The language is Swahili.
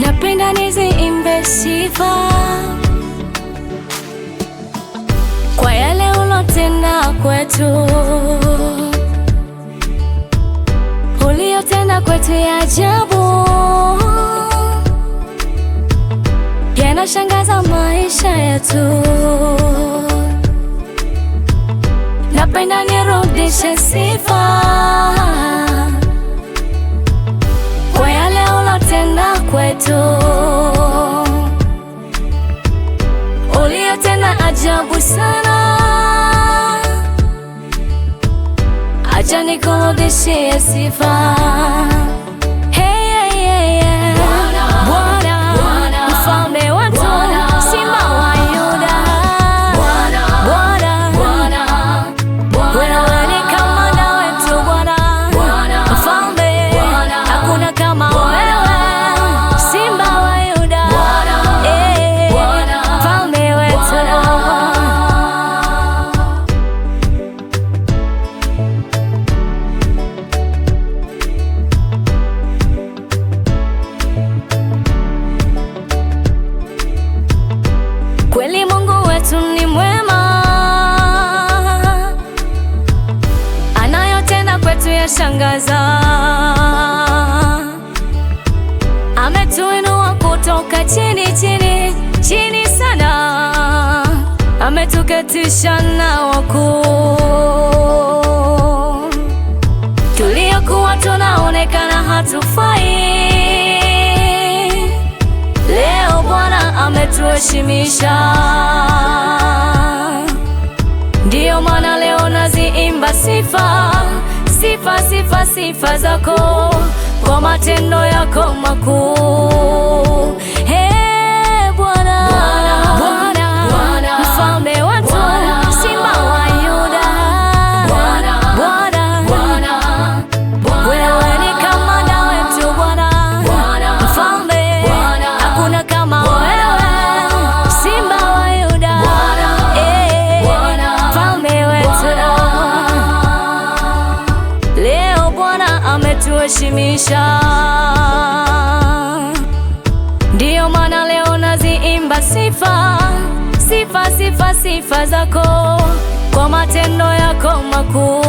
Napenda niziimbe sifa kwa yale ulotenda kwetu, uliyotenda kwetu ya ajabu, yanashangaza maisha yetu. Napenda nirudishe sifa kwa yale ulotenda kwetu, uliyotenda ajabu sana. Acha nikurudishie sifa Kweli Mungu wetu ni mwema, anayotenda kwetu ya shangaza Ametuinua kutoka chini chini chini sana, ametuketisha na wakuu kuheshimisha. Ndiyo maana leo naziimba sifa, sifa, sifa, sifa zako kwa matendo yako makuu. ametuheshimisha. Ndiyo maana leo naziimba sifa, sifa, sifa, sifa zako kwa matendo yako makuu.